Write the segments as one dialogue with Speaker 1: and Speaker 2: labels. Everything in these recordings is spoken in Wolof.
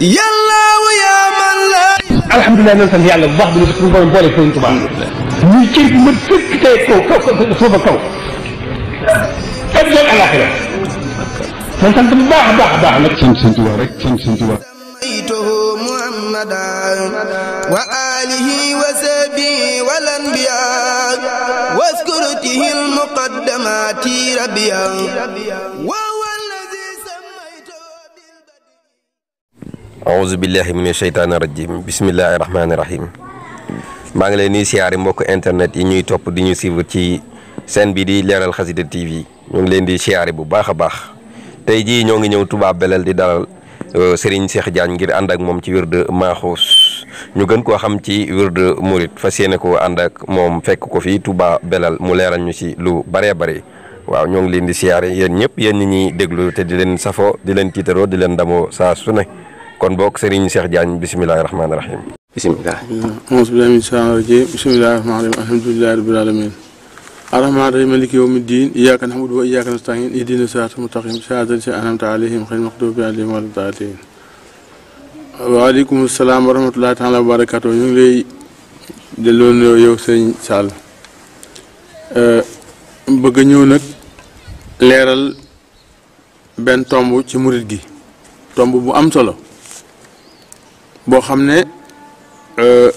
Speaker 1: yàllaawu yaa man la. alhamdulilah nan sant yàlla bu baax bi ñu suñu borom boole Sëriñ Tuubaa. ñu cër bi ma fekk tey kaw kaw kaw foofa kaw. ak loolu alaxira. man sant bu baax a baax a baax nag. sant Sëriñ Tuubaa rek sant Sëriñ Tuubaa. وآله وسبي والأنبياء واذكرته المقدمات ربيا A'udzu billahi mina shaytaani rajim bismillahi rahmaani rahim maa ngi lay nuyu siyaare mbok internet yi ñuy top di ñu suivre ci seen bi di Leral xasida tv ñu ngi leen di siyaare bu baaxa baax Tay ji ñoo ngi ñew Touba Belal di dalal euh, Serigne Cheikh Diagne ngir and ak mom ci wirde Mahous. ñu gën koo xam ci wirde de fas yéene ko and ak mom fekk ko fi Touba Belal mu leeral ñu si lu baree bare waaw ñoo ngi leen di siyaare yeen ñëpp yeen ñi deglu te di leen safo di leen titero di leen damoo saa su ne kon bokk Serigne Cheikh Diagne bisimilah rahmaani rahiim. bisimilah. auzu billaahi mina shaytaani rajiim bisimilah rahmaani rahiim alhamdulilah rabbil aalamiin arrahmaani rahiim maaliki yawmi diin iyyaaka na'budu wa iyyaaka nasta'iin ihdina siraatal mustaqiim siraatal laziina an'amta alayhim ghayril maghduubi alayhim wa lad-daalliin. waaleykum salaam wa rahmatullaahi taala ñu ngi lay delloo nuyoo yow sëñ Sall bëgg ñëw nag leeral benn tomb ci murit gi tomb bu am solo. boo xam ne euh,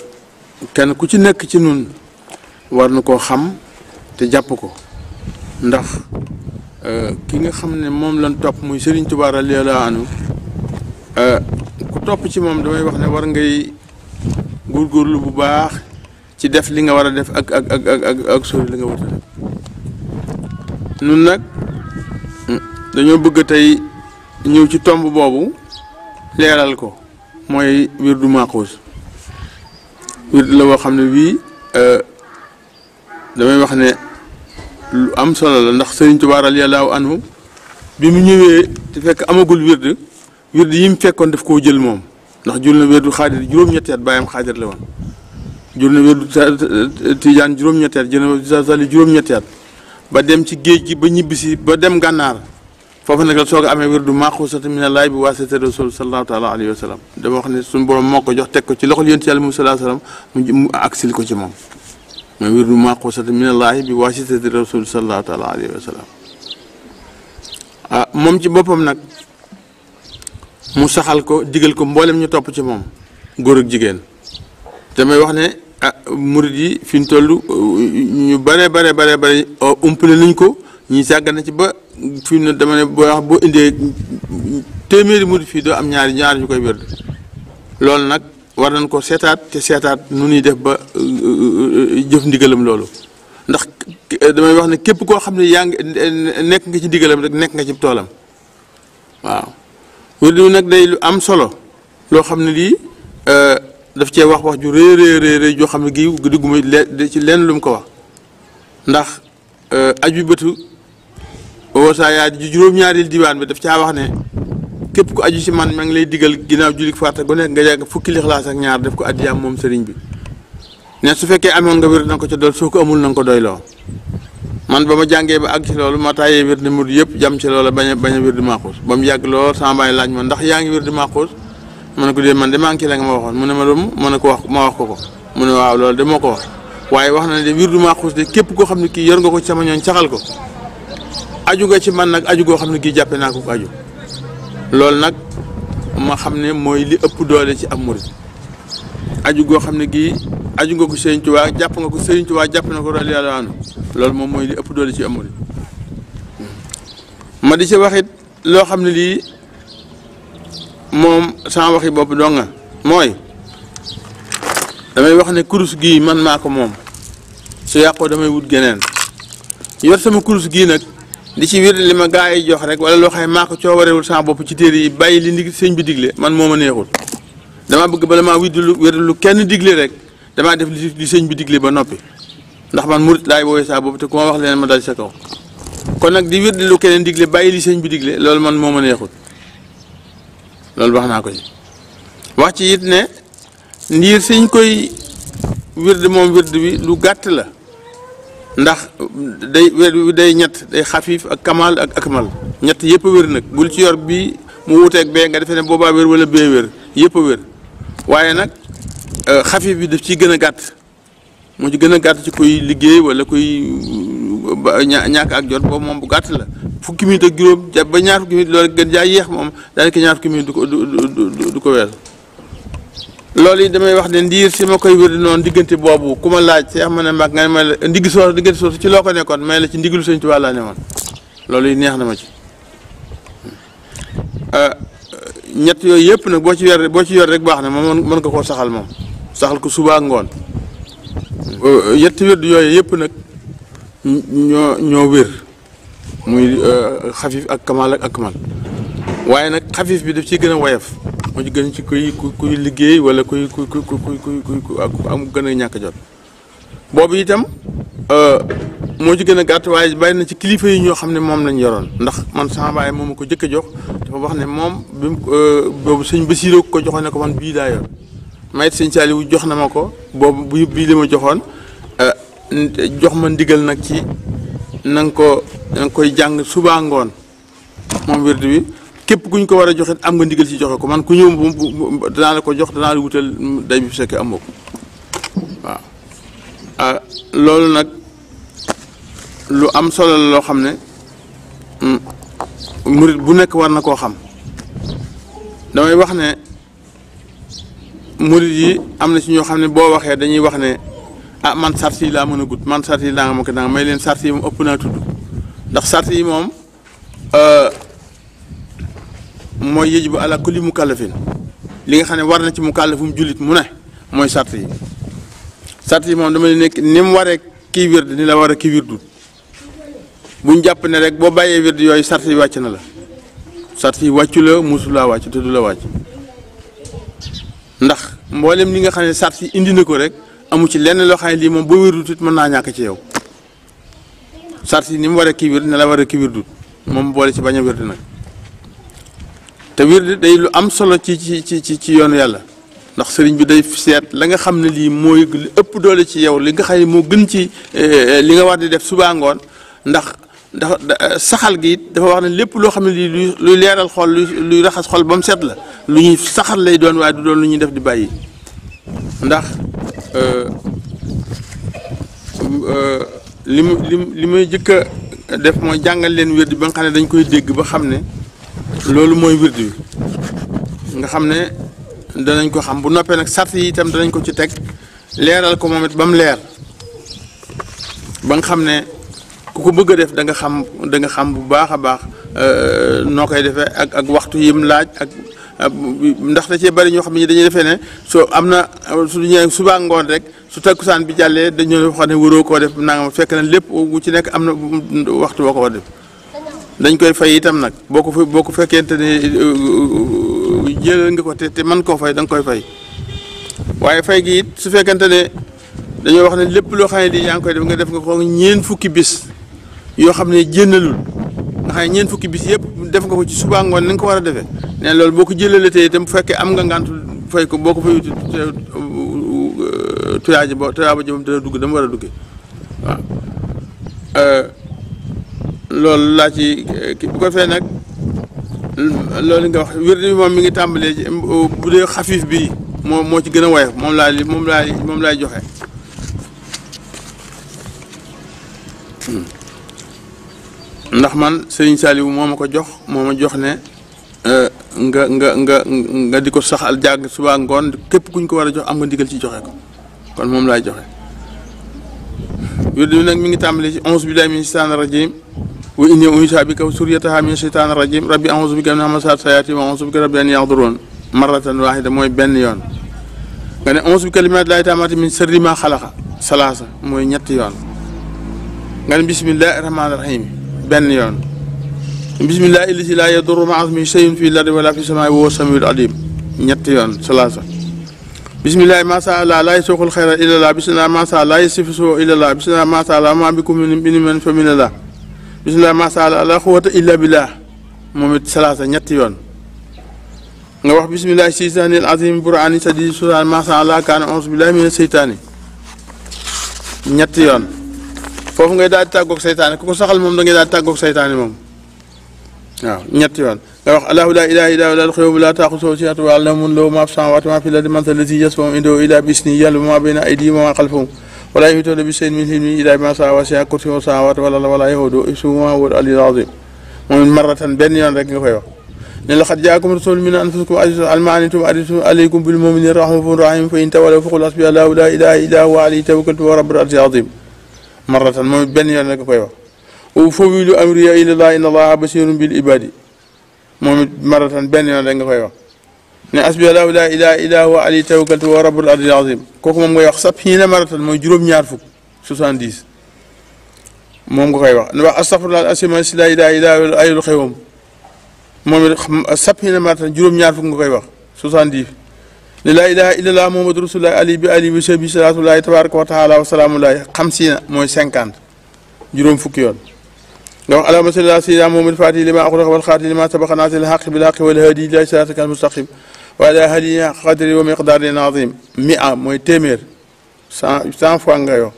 Speaker 1: kenn ku ci nekk ci nun war na koo xam te jàpp ko ndax euh, ki nga xam ne moom lañ topp muy Serigne Touba radiyallahu anhu euh, ku topp ci moom damay wax ne war ngay góorgóorlu bu baax ci def li nga war a def ak ak ak ak ak sori li nga war nun nag mm, dañoo bëgg tey ñëw ci tomb boobu leeral ko moy wirdu maqus wirdu la boo xam ne bii damay wax ne lu am solo la ndax Sëriñ Tuubaa radiyallaahu anhu bi mu ñewé te fekk amagul wird wird yim fekkon fekkoon daf koo jël mom ndax julna wirdu khadir juroom ñettat bayam khadir la won julna wirdu tidiane juroom ñettat at zali juroom ñettat ba dem ci géej gi ba ñibisi ba dem gànnaar foofu nag la soog a amee wirdu maxuusati min allahi bi waasitati rasul sallallahu taala alayhi wa sallam dafa wax ne suñu borom moo ko jox teg ko ci loxol yonent yàlla moom salaa sallam mu aksil ko ci moom mooy wirdu maxuusati min allahi bi waasitati rasul sallallahu taala alayhi wa sallam ah moom ci boppam nag mu saxal ko digal ko mboolem ñu topp ci moom góor ak jigéen damay wax ne ah murid yi fi ñu toll ñu bare bare bare bare umpale nañ ko ñi sàggane ci ba fi mu ne dama ne boo wax boo indee téeméeri murid fii doo am ñaari ñaari ñu koy wér loolu nag war nañ ko seetaat te seetaat nu nuy def ba euh, euh, euh, jëf ndigalam loolu ndax damay wax ne képp koo xam ne yaa ngi nekk nga ci ndigalam rek nekk nga ci toolam waaw wér du nag day lu am solo loo xam ne lii daf cee wax wax ju rëy rëy joo xam ne gii digguma ci lenn lum ko wax ndax aju bëtu Osa yaa ji juróom-ñaareel diwaan bi daf caa wax ne képp ku aju si man maa ngi lay digal ginnaaw jullit farata gu nekk nga jàng fukki lixlaas ak ñaar def ko addiyaam moom sëriñ bi ne su fekkee amoon nga wér na ko ca dool soo ko amul na ko ko doyloo man ba ma jàngee ba àgg si loolu ma taayee wér di mur yëpp jam si loola bañ a bañ a wér di maaxuus ba mu yàgg lool sama baay laaj ma ndax yaa ngi wér di maaxuus ma ne ko dee man de maa ngi ci la nga ma waxoon mu ne ma lu mu ne ko wax ma wax ko ko mu ne waaw loolu de ko wax waaye wax na ne de wér di maaxuus de képp koo xam ne kii yor nga ko ci ñooñ saxal ko aju nga ci man nag aju goo xam ne gii jàppe naa ko aju loolu nag ma xam ne mooy li ëpp doole ci am murit aju goo xam ne gii aju nga ko Sëriñ waa jàpp nga ko Sëriñ waa jàpp na ko rali yàlla loolu moom mooy li ëpp doole ci am murit ma di ci waxit loo xam ne lii moom sama waxi bopp doo nga mooy damay wax ne kurus gii man maa ko moom su yàqoo damay wut geneen yor sama kurus gii nag di ci wér li ma gaa yi jox rek wala loo xam ne maa ko coowarewul bopp ci téere yi bàyyi li ndig sëñ bi digle man moo ma neexul dama bëgg bala maa widd lu wér lu kenn digle rek damaa def li sëñ bi digle ba noppi ndax man mu laay woowee saa bopp te ku ma wax leen ma dal sa kaw kon nag di wér lu keneen digle bàyyi li sëñ bi digle loolu man moo ma neexul loolu wax naa ko ci wax ci it ne ndiir sëñ koy wird moom wird wi lu gàtt la ndax day wér day ñett day xafiif ak kamal ak ak mal ñett yëpp a wér nag bul ci yor bii mu wuuteeg bee nga defee ne boobaa wér wala bee wér yëpp a wér waaye nag euh, xafiif bi daf ci gën a gàtt moo ci gën a gàtt ci kuy liggéey wala kuy euh, ñàkk ak jot boobu moom bu gàtt la fukki minute ak juróom ba ñaar fukki minute loolu gën jaay yéex moom daanaka ñaar fukki minute du ko du ko weesu loolu yi damay wax ne ndiir si ma koy wér noonu diggante boobu ku ma laaj si ma ne mag nga ne ma la ndigg soosu diggante soosu ci loo ko nekkoon may la ci ndigalu Sëñ Tuubaa laa ne loolu yi neex na ci euh, ñett yooyu yëpp nag boo ci yor boo ci yor rek baax na moom mën nga koo saxal moom saxal ko subaa ngoon ñetti euh, wér yooyu yëpp nag ñoo wér muy euh, xafif ak kamal ak akmal waaye nag xafif bi daf ciy gën a woyof moo ci gën ci kuy kuy liggéey wala kuy kuy kuy kuy ku am gën a ñàkk jot boobu itam euh, moo ci gën a gàtt waaye bàyyi na ci kilifa yi ñoo xam ne moom lañ yoroon ndax man sama baay moom ko jëkk a jox dafa wax ne moom bi euh, boobu sëñ Basiiroo ko joxoon ne ko man bii daa yor may it sëñ jox na ma ko boobu bu bii li ma joxoon euh, jox ma ndigal nag ci nang ko na koy jàng suba ngoon moom wird bi képp ku ñu ko war a joxe am nga ndigal ci joxe ko man ku ñëw danaa la ko jox danaa la wutal day bi bu fekkee amoo ko waaw ah loolu nag lu am solo la loo xam ne mm, murit bu nekk war na koo xam damay wax ne murit yi am na ci ñoo xam ne boo waxee dañuy wax ne ah man sart yi laa mën a gudd man sart yi daa nga ma ko daa nga may leen sart yi moom ëpp naa tudd ndax sart yi moom. Euh, mooy yajibu ala kulli mukallafin li nga xam ne war na ci mukallafum jullit mu ne mooy sart yi sart yi moom dama ne nekk ni mu waree kii wird ni la war a kii buñ jàpp ne rek boo bàyyee wird yooyu sart wàcc na la sart yi wàccu la musu wàcc te la wàcc ndax mboolem li nga xam ne sart yi indi na ko rek amu ci lenn loo lii moom boo wirdut it mën naa ñàkk ci yow sart ni mu waree kii wird ne la war a kii moom boole ci bañ a wird nag te wird day lu am solo ci ci ci ci ci yoonu yàlla ndax sëriñ bi day seet la nga xam ne lii mooy li ëpp doole ci yow li nga xam ne moo gën ci eh, eh, li nga war di def suba ngoon ndax ndax saxal gi dafa wax ne lépp loo xam ne lii luy leeral xol luy raxas xol ba la lu ñuy saxal lay doon waaye du doon lu ñuy def di bàyyi ndax euh, euh, li mu li li muy jëkk a def mooy jàngal leen wird bi ba nga xam ne dañ koy dégg ba xam ne loolu mooy wird wi nga xam ne danañ ko xam bu noppee nag sart yi itam danañ ko ci teg leeral ko moom it ba mu leer ba nga xam ne ku ko bëgg a def danga xam da nga xam bu baax a baax euh, noo koy defee ak ak waxtu yim laaj ak ndax da cee bari ñoo xam ne dañuy defee ne soo am na su ñëwee ngoon rek su takkusaan bi jàllee dañoo wax ne wuroo koo def nangam fekk na lépp wu ci nekk am na waxtu boo koo def. dañ koy fay itam nag boo ko boo ko fekkente ne eh, eh, eh, jëlal nga ko te man koo fay da nga koy fay waaye fay gi it su fekkente ne dañoo wax ne lépp loo xam ne di yaa koy def nga def nga ko ñeen fukki bis yoo xam ne jëndalul nga xam ñeen fukki bis yëpp def nga ko ci suba ngoon ni nga ko war a defee ne loolu boo ko jëlalee tey itam bu fekkee am nga ngànt fay ko boo ko fay tuyaay ji boo tuyaay ba jëm dana dugg dama war a duggee waaw. loolu laa ci bu ko fee nag loolu nga wax wér bi moom mi ngi tàmbalee ci bu dee xafiif bi moo moo ci gën a woyof moom laa li moom laa moom laay joxe ndax man Serigne Saliou moo ma ko jox moo ma jox ne euh, nga nga nga nga di ko saxaal jàng subaa ngoon képp kuñ ko war a jox am nga ndigal ci joxe ko kon moom laay joxe wird bi nag mi ngi tàmbalee ci onze billahi min shaytaani rajim وإني أنشأ بك وسريتها من الشيطان الرجيم ربي أعوذ بك من همسات سياتي وأعوذ بك ربي أن يحضرون مرة واحدة موي بن يون غني يعني أعوذ بكلمات الله تعالى من سر ما خلق ثلاثة موي نيت يون غني يعني بسم الله الرحمن الرحيم بن يون بسم الله الذي لا يضر مع اسمه شيء في الأرض ولا في السماء وهو السميع العليم نيت يون ثلاثة بسم الله ما شاء الله لا يسوق الخير إلا الله بسم الله ما شاء الله لا يصف السوء إلا الله بسم الله ما شاء الله ما بكم من من فمن الله بسم الله ما شاء الله لا قوة إلا بالله محمد صلى الله عليه وسلم نوح بسم الله الشيطان العظيم برعاني سديد سورة ما شاء الله كان أعوذ بالله من الشيطان نيتيون فوف غي دال تاغوك شيطان كوكو ساخال موم داغي دال تاغوك شيطان موم الله لا اله الا هو الحي لا تاخذه سنة ولا نوم لو ما في في الارض من ذا الذي يشفع عنده الا باذنه يعلم ما بين ولا يهتد بسيد من هلمي إذا ما سعوا سيا كرسي وساوات ولا لا ولا يهود إسوما هو الألي العظيم ومن مرة بني عن ذلك خير لأن قد جاءكم رسول من أنفسكم عزيز المعاني ثم أرسل عليكم بالمؤمن الرحمن الرحيم فإن تولوا فقل أصبح لا ولا إله إلا هو علي توكلت ورب الأرض العظيم مرة من بني عن ذلك خير وفوّل أمري إلى الله إن الله بصير بالعباد مرة بني عن ذلك خير ne asbiha lahu laa ilaha illa huwa ali tawakkaltu wa rabbul ardi azim kooku moom ngay wax sab xiina maratal mooy juróom-ñaar fukk 70 moom nga koy wax ne wax astafirullah asima si laa ilaha illa huwa ayul xewam moom it sab xiina maratal juróom-ñaar fukk nga koy wax 70 ne laa ilaha illallah muhammadu rasulullah ali bi ali bi sabi salaatullahi tabaraka wa taala wa salaamulahi xamsiina mooy 50 juróom fukki yoon nga wax allahumma salli ala sayyidina muhammad fatihi lima axlaqa wal xaatimi lima sabaqa naasiril xaqi bil xaqi wal haadi ila siraatika al mustaqim ولا هدي قدر ومقدار عظيم مئة موي تمر سان فوان غيو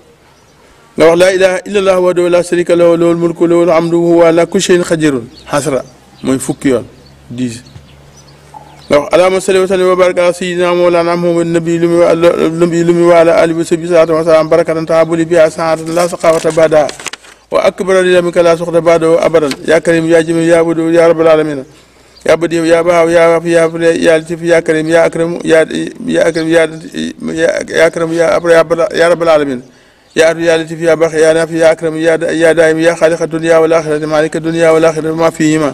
Speaker 1: نو لا اله الا الله وحده لا شريك له له الملك له الحمد وهو على كل شيء قدير حسره موي فك يون 10 نو اللهم وسلم وبارك على سيدنا مولانا محمد النبي النبي لمي وعلى اله وصحبه وسلم بركه تعبد بها سعاده لا سخاوه بعدها واكبر لله منك سخط بعده ابدا يا كريم يا جميل يا ودود يا رب العالمين يا بدي يا باو يا في يا في يا لطيف يا كريم يا أكرم يا يا أكرم يا يا أكرم يا أبر يا يا رب العالمين يا رب يا لطيف يا بخ يا نافي يا أكرم يا يا دائم يا خالق الدنيا والآخرة مالك الدنيا والآخرة ما فيهما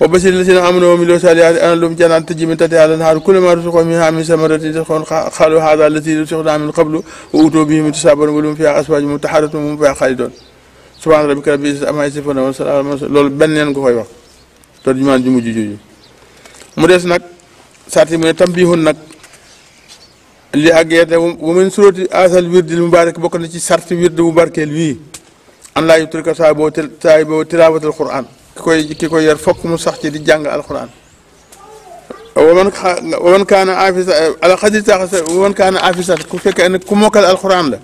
Speaker 1: وبشر الذين امنوا وعملوا الصالحات ان لهم جنات تجري من تحتها الانهار كلما رزقوا منها من ثمرة رزقا خالوا هذا الذي رزقنا من قبل واتوا به متشابها ولهم فيها ازواج متحرة وهم فيها خالدون سبحان ربك رب العزة عما يصفون وسلام لول بن ينكو ترجمان جمو جي جي مريس نك ساتي مي تنبيهون نك اللي اغي ومن سوره اسال ورد المبارك بوكنا سي سارت ورد مبارك لوي ان لا يترك صاحبو صاحبو تلاوه القران كوي كيكو يار فوك مو صاح دي جانغ القران ومن ومن كان عافس على خديجه ومن كان عافس كو فك ان كو موكل القران لا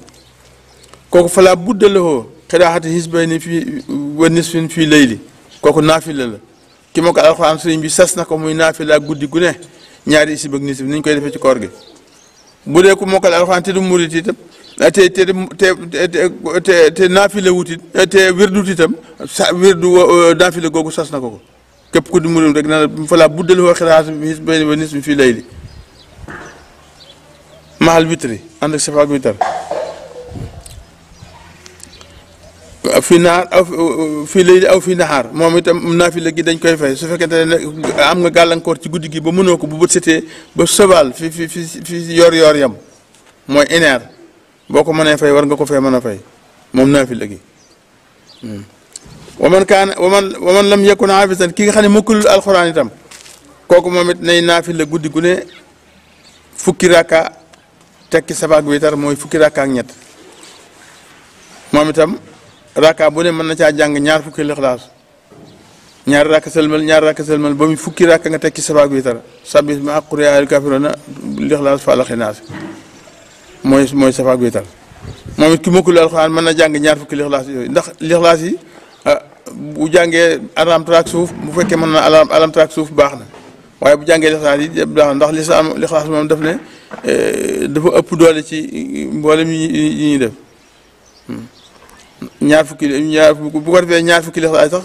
Speaker 1: كوكو فلا بود له قراءه حزبين في ونسفين في ليلي كوكو نافله لا ki ma ko alxuraan sëriñ bi sas na ko muy naafila guddi gu ne ñaari isib ak nisib ni ñu koy defee ci koor gi bu dee ku mokkal alxuraan te du murit itam te te te te naafila wutit te wirdut itam sa uh, naafila googu sas na ko ko képp ku di murit rek na la falaa buddal woo xiraas bi benn ba nisbi fii lay li mahal witri ànd ak safaak fi naar aw fii lay aw fii naxaar moom itam naafila gi dañ koy fay su fekkente ne am nga gàllankoor ci guddi gi ba mënoo ko bu bët setee ba sobal fi fi fi fi yor yam mooy ineer boo ko mënee fay war nga ko fay mën a moom moom naafila gi hmm. man kaan waman waman lam yakun haafisan ki nga xam ne mokkalul alxuraan itam kooku moom it nay naafila guddi gu fukki rakka tekki sabaak witar mooy fukki rakka ak ñett moom itam raka bu ne mën na caa jàng ñaar fukki lixlaas ñaari rakk sëlmal ñaari rakk sëlmal ba mu fukki rakk nga tekki sabaak bi tara sabis ma ak quri al kafirona lixlaas faalaxi naas mooy mooy safaak moom it ki mokkul alxuraan mën na jàng ñaar fukki lixlaas yooyu ndax lixlaas yi ah, bu jàngee alam traak suuf bu fekkee mën na alam alam traak suuf baax na waaye bu jàngee lixlaas yi baax na ndax lislaam lixlaas moom daf ne eh, dafa ëpp doole ci mboolem yi ñuy def hmm. ñaar fukki ñaar bu ko defee ñaar fukki lixlaas sax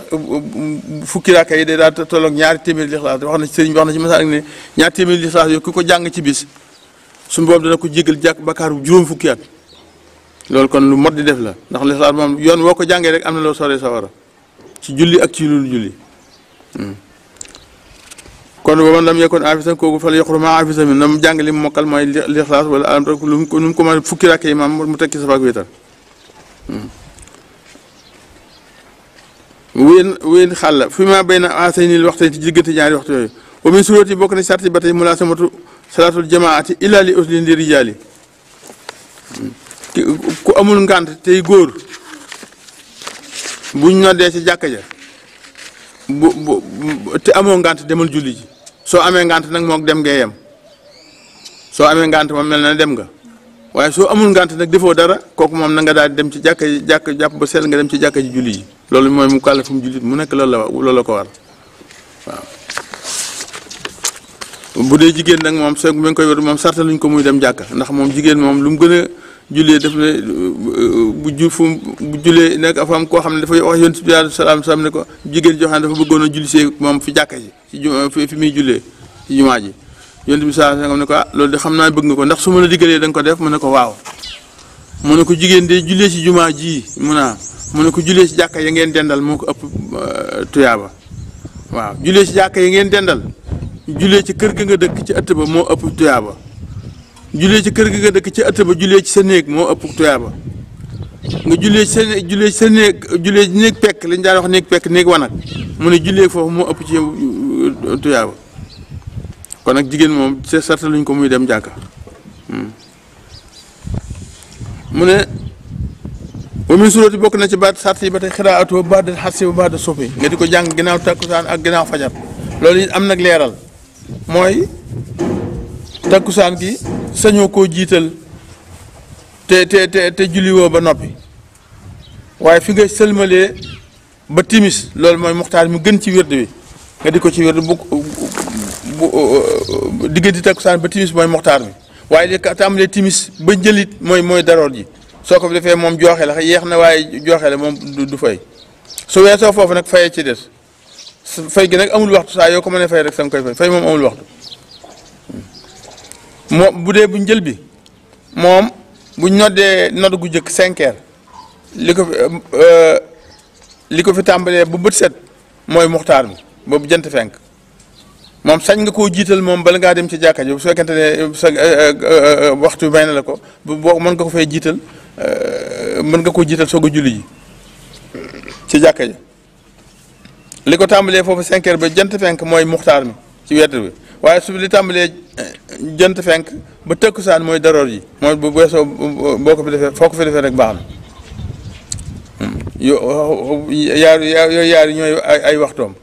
Speaker 1: fukki raaka yi day daal tolloog ñaari téeméeri lixlaas wax na ci sëriñ na ci masal ak ne ñaari téeméeri lixlaas yooyu ku ko jàng ci bis suñu boobu dana ko jégal jàkk bakkaar bu juróom fukki at loolu kon lu mot di def la ndax lixlaas moom yoon woo ko jàngee rek am na loo soree sawara ci julli ak ci lulu julli hmm. kon booba lam yekkoon afisa kooku fa la yoqru maa afisa na mu li mu mokkal mooy lixlaas wala alam rek lu mu ko mu ko mën fukki raaka yi maam mu tekki safaak wéetal hmm. wéen wéen xàll fi ma bay na asay niil waxtaan ci diggante ñaari waxtu yooyu wa min suróot yi bokk na sarti ba tey mulaasamatu salaatul jamaati illaa li uslin li rijaali ku amul ngànt tey góor buñ noddee si jàkka ja bu bu te amoo ngànt demal julli soo amee ngànt nag mook dem ngee yem soo amee ngànt moom mel na dem nga waaye soo amul ngant nag defoo dara kooku moom nanga nga daal dem ci jàkka ji jàkk jàpp ba sell nga dem ci jàkka ji julli ji loolu mooy mu kàlla fu jullit mu nekk loolu la loolu la ko war waaw bu dee jigéen nag moom soo mi ngi koy wër moom sartaluñ ko muy dem jàkka ndax moom jigéen moom lu mu gën a jullee daf ne bu ju fu bu julee nekk afaam koo xam ne dafa wax yoon bi alayhi salaam salaam ne ko jigéen joo xam bëggoon a julli moom fi jàkka ji ci fi muy jullee ci jumaa ji yonent bi saa sangam ne ko ah loolu de xam naa bëgg nga ko ndax su ma la diggalee da nga ko def mu ne ko waaw mu ne ko jigéen de jullee ci jumaa ji mu naa mu ne ko jullee ci jàkka ya ngeen dendal moo ko ëpp euh, tuyaaba waaw jullee ci jàkka ya ngeen dendal jullee ci kër ga nga dëkk ci ëtt ba moo ëpp tuyaaba jullee ci kër ga nga dëkk ci ëtt ba jullee ci sa néeg moo ëpp tuyaaba nga jullee ci sa sa néeg jullee ci néeg pekk lañ daan wax néeg pekk néeg wanag mun ne jullee foofu moo ëpp ci euh, tuyaaba kon nag jigéen moom c' certain luñ ko muy dem jàkka hmm. mu ne wa min surati bokk na ci baat sart yi ba tey xiraatoo baat de xarsi ba de suufi nga di ko jàng ginnaaw takkusaan ak ginnaaw fajar loolu it am nag leeral mooy takkusaan gi sañoo koo jiital te te te te julliwoo ba noppi waaye fi nga sëlmalee ba timis loolu mooy muxtaar mu gën ci wérd wi nga di ko ci wérd bu bu diggante takkusaan ba timis moy muxtar bi waye li te am le timis ba njëlit moy moy daror ji soko defé mom joxé la yeex na waaye jooxe la mom du fay su wéso fofu nak fayé ci dess fay gi nak amul waxtu sa yo ko mënee fay rek sang koy fay fay mom amul waxtu mo budé dee bu njël bi mom bu noddee nodd gu jëk 5h liko euh liko fi tambalé bu bët set moy muxtar bi bobu jënt fenk moom sañ nga koo jiital moom bala ngaa dem ci jàkka ji bu fekkente ne sa waxtu may na la ko bu boo mën nga ko fay jiital mën nga koo jiital soog a julli ji ci jàkka ji li ko tàmbalee foofu cinq heures ba jant fenk mooy muxtaar mi ci wedd bi waaye su li tàmbalee jant fenk ba saan mooy daroor ji mooy bu weesoo boo ko fi defee foo ko fi defee rek baax na yo yaaru yaaru yaar ñooy ay waxtoom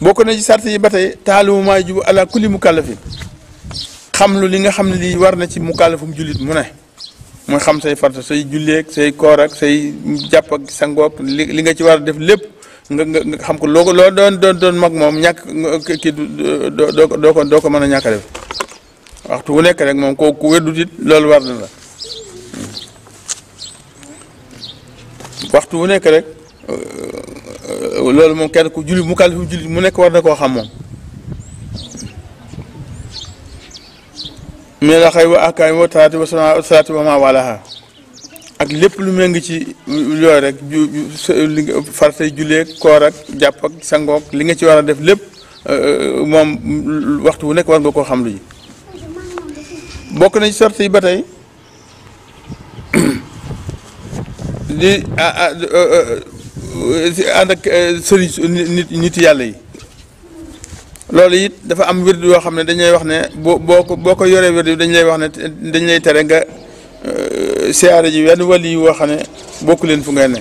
Speaker 1: bokk na ci sart yi ba tey taalimu maa jibu ala kulli mukallafin xam lu li nga xam ne lii war na ci mukallafum jullit mu ne mooy xam say farta say julleeg say koor ak say jàpp ak sa ngopp li li nga ci war a def lépp nga nga xam ko loo ko loo doon doon doon mag moom ñakk kii doo doo ko mën a ñàkk a def wu nekk rek moom kooku weddut it loolu war na la waxtu wu nekk rek. loolu moom kenn ku jullit mu kàllifu jullit mu nekk war na koo xam moom mais la xay wa akaay wa salaati wa maa walaha ak lépp lu ngi ci yooyu rek li faratay julleeg koor ak jàpp ak li nga ci war a def lépp euh, euh, moom waxtu wu nekk war nga koo xam lu ji bokk na ci sart ba tey di ah, ah, euh, ànd ak euh, sëriñ nit nit yàlla yi loolu it dafa am wird yoo xam ne dañuy wax ne boo boo ko boo ko yoree wird bi dañ lay wax ne dañ lay tere nga euh, siyaare ji wenn wàll yi woo xam ne bokk leen fu ngay ne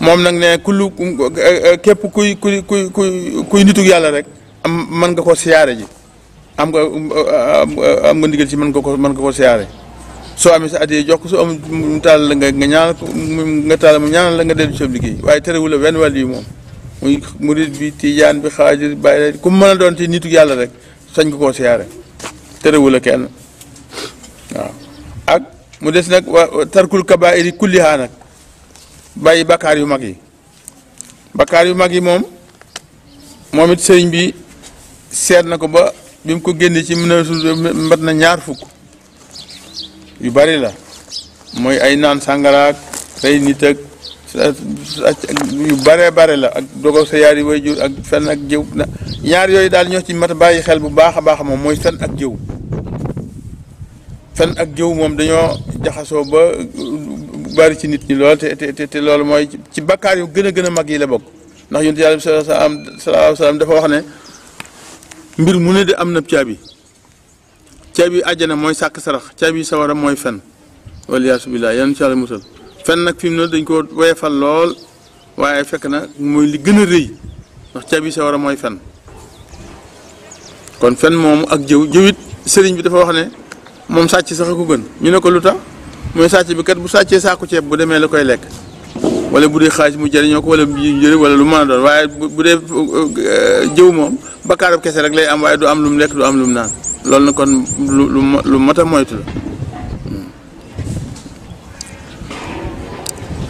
Speaker 1: moom nag ne kullu euh, képp kuy kuy kuy kuy kuy nituk yàlla rek am mën nga ko siyaare ji am nga am nga ndigal ci mën nga ko mën nga ko siyaare soo amee sa addiya jox ko soo amul mu taal la nga nga ñaanal ko nga taal mu ñaanal la nga dellu ci liggéey waaye terewul la wenn wàll yi moom muy murit bi tijaan bi xaajir bàyyi ku a doon nitu yàlla rek sañ nga koo siyaare terewul la kenn mu des nag wa bakkaar yu mag yi bakkaar yu mag yi moom moomit it sëriñ bi seet na ko ba bi mu ko génnee ci mën a mat na ñaar fukk yu bari la mooy ay naan sàngaraak rey nit ak yu bare bare la ak dogo sa yaari way jur ak fen ak jëw na ñaar yooyu daal ñoo ci mat bàyyi xel bu baax a baax moom mooy fen ak jëw fen ak jëw moom dañoo jaxasoo ba uh, bari ci nit ñi lool te te te loolu mooy ci bakkaar yu gën a gën a mag yi la bokk ndax yonent yàlla bi sallallahu alayhi wa sallam dafa wax ne mbir mu ne de am na caabi ceeb yi àjjana mooy sàkk sarax ceeb yi sawara mooy fen wala yaasu billaa yan ci yàlla musal fen nag fi mu ne dañ ko woyefal lool waaye fekk na mooy li gën a rëy ndax ceeb yi sawara mooy fen kon fen moom ak jëw jëwit sëriñ bi dafa wax ne moom sàcc sax a ko gën ñu ne ko lu tax mooy sàcc bi kat bu sàccee saaku ceeb bu demee la koy lekk wala bu dee xaalis mu jëriñoo ko wala jëri wala lu mën a doon bu dee euh, jëw moom bakkaarab kese rek lay am waaye du am lu mu lekk du am lu mu naan loolu na kon lu lu lu mot a moytu la hmm.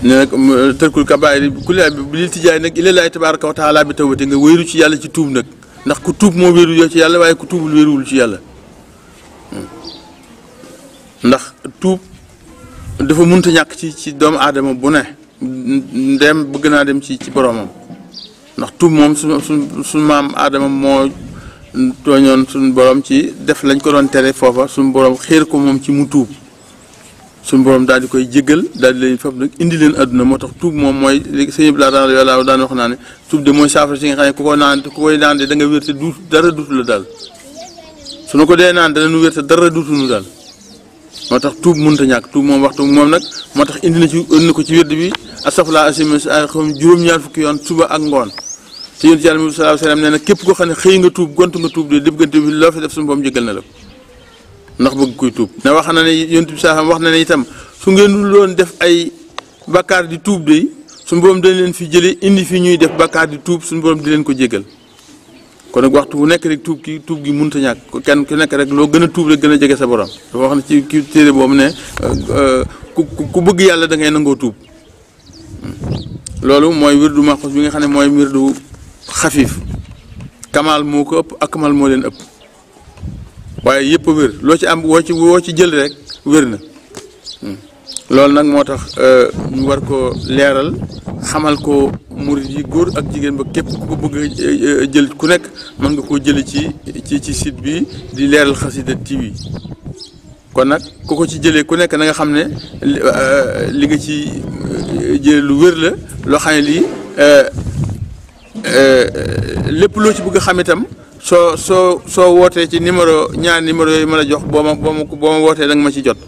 Speaker 1: ne nag tërkul kabaay kulaa bi li tijaay nag ila laay tabaaraka wa taala bi tawbati nga wéeru ci yàlla ci tuub nag ndax ku tuub moo wéeru yoo ci yàlla waaye ku tuubul ci yàlla hmm. ndax tuub dafa munta ñàkk ci ci doomu aadama bu ne ndem bëgg naa dem ci ci boromam ndax tuub moom su maam aadama moo tooñoon suñu borom ci def lañ ko doon tere foofa suñu borom xiir ko moom ci mu tuub suñu borom daal di koy jéggal daal di leen fab nag indi leen àdduna moo tax tuub moom mooy léegi sëñ bi laa daan wax naa ne tuub de mooy saafara si nga ne ku ko naan ku koy naan de da nga wérte duut dara duutu la daal su na ko dee naan danañu wérte dara duutu daal moo tax tuub mënut a ñàkk tuub moom waxtu moom nag moo tax indi na ci indi na ko ci wérd bi asafla asim xam juróom-ñaar fukki yoon suba ak ngoon te yonent yàlla Muhammad sallallahu wa sallam nee na képp koo xam ne xëy nga tuub gont nga tuub de diggante bi loo fi def suñu boom jéggal na la ndax bëgg kuy tuub na wax na ne yonent bi sallallahu wax ne ne itam su ngeen dul doon def ay bakkaar di tuub de suñu boom dañ leen fi jëlee indi fii ñuy def bakkaar di tuub suñu boom di leen ko jégal kon nag waxtu bu nekk rek tuub ki tuub gi mënut a kenn ku nekk rek loo gën a tuub rek gën a jege sa borom dafa wax ci kii téere boobu ne ku bëgg yàlla da ngay nangoo tuub hmm. loolu mooy wirdu maxus bi nga xam ne mooy wirdu xafiif Kamal moo ko ëpp Akmal moo leen ëpp waaye yëpp wér loo ci am woo ci woo ci jël rek wér na loolu nag moo tax ñu war ko leeral xamal ko murid yi góor ak jigéen ba képp ku ko bëgg jël ku nekk mën nga koo jëli ci ci ci site bi di leeral xasida TV kon nag ku ko ci jëlee ku nekk na nga xam ne li nga ci jëlee lu wér la loo xam ne lii Euh, lépp loo ci bugg xam itam soo soo soo wootee ci numéro ñaar numéro yooyu ma la jox boo ma boo ma wootee da nga ma ci jot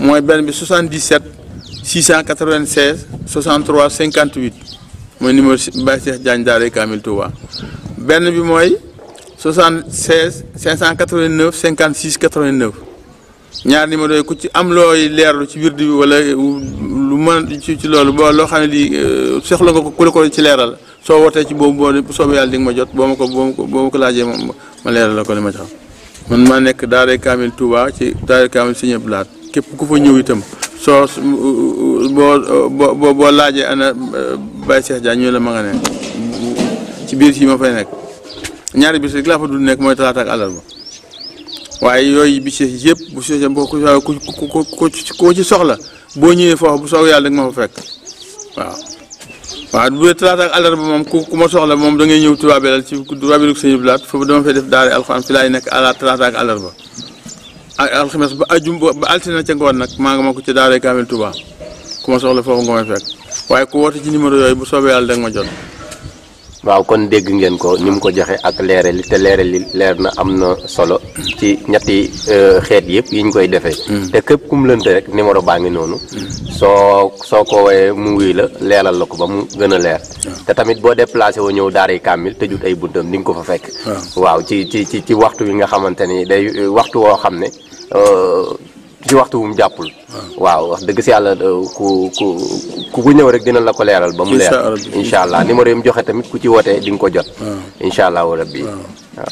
Speaker 1: mooy benn bi 77 696 63 58 mooy numéro Baye Cheikh Diagne Daaray Kamil Touba benn bi mooy 76 589 56 89 ñaar numéro yooyu ku ci am looy leerlu ci wirdu bi wala lu mën ci ci loolu boo loo xam ne lii euh, soxla nga ko ku la ci leeral. soo wootee ci boobu boo bu soobee yàlla di ma jot boo ma ko boo ma ko laajee ma ma la ko li ma jox man maa nekk Daara Kamil Touba ci Daara Kamil Sëñ Abdou Lahad képp ku fa ñëw itam soo boo boo laajee ana euh, Baye Cheikh Dia ñu la ma ci biir si ma fay nekk ñaari bis rek fa dul nekk mooy talaata ak àllarba waaye yooyu bis yëpp bu si ci soxla boo ñëwee foofu bu soog yàlla da nga ma fa fekk waaw. waaw bu dee talaata ak àllarba moom ku ku ma soxla moom da ngay ñëw Touba Belel ci Touba Belel Sëñ Blaat foofu dama fay def daara alxuraan fi laay nekk àlla talaata ak àllarba ak alxames ba ajum ba altine ca ngoon nag maa nga ma ko ci daara Kaamil Touba ku ma soxla foofu nga may fekk waaye ku woote ci numéro yooyu bu soobee yàlla da ma jot waaw kon dégg ngeen ko ni mu ko joxe ak leerali te leerali leer na am na solo ci ñetti euh, xeet yëpp yiñ koy defee mm. te képp kum lënte rek numéro baa ngi noonu mm. soo soo ko woyee mu wuy la leeral la ko ba mu gën a leer te tamit boo déplacé woo ñëw daaray kaamil tëjut ay buntam di nga ko fa fekk waaw ci ci ci ci waxtu wi nga xamante ni day waxtu woo xam ne euh, ci waxtu wu mu jàppul. waaw wax dëgg si yàlla euh, ku ku ku ñëw rek dina la ko leeral ba mu leer. incha allah numéro yi mu joxe tamit ku ci wootee di nga ko jot. incha allahu rabbi waaw.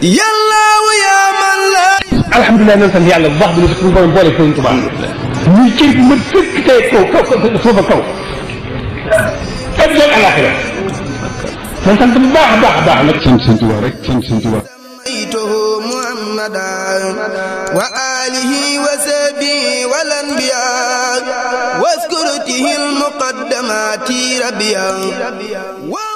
Speaker 1: yàlla yaa man la. alhamdulilah nañ sant yàlla bu baax bi ñu suñu borom boole Sëriñ Tuubaa. ñu cër bi ma fekk tey kaw kaw kaw foofa kaw. ak yoon alaxira. man sant bu baax a baax a baax nag. sant Sëriñ Tuubaa rek sant Sëriñ Tuubaa. وآله وسبي والأنبياء واذكرته المقدمات ربيا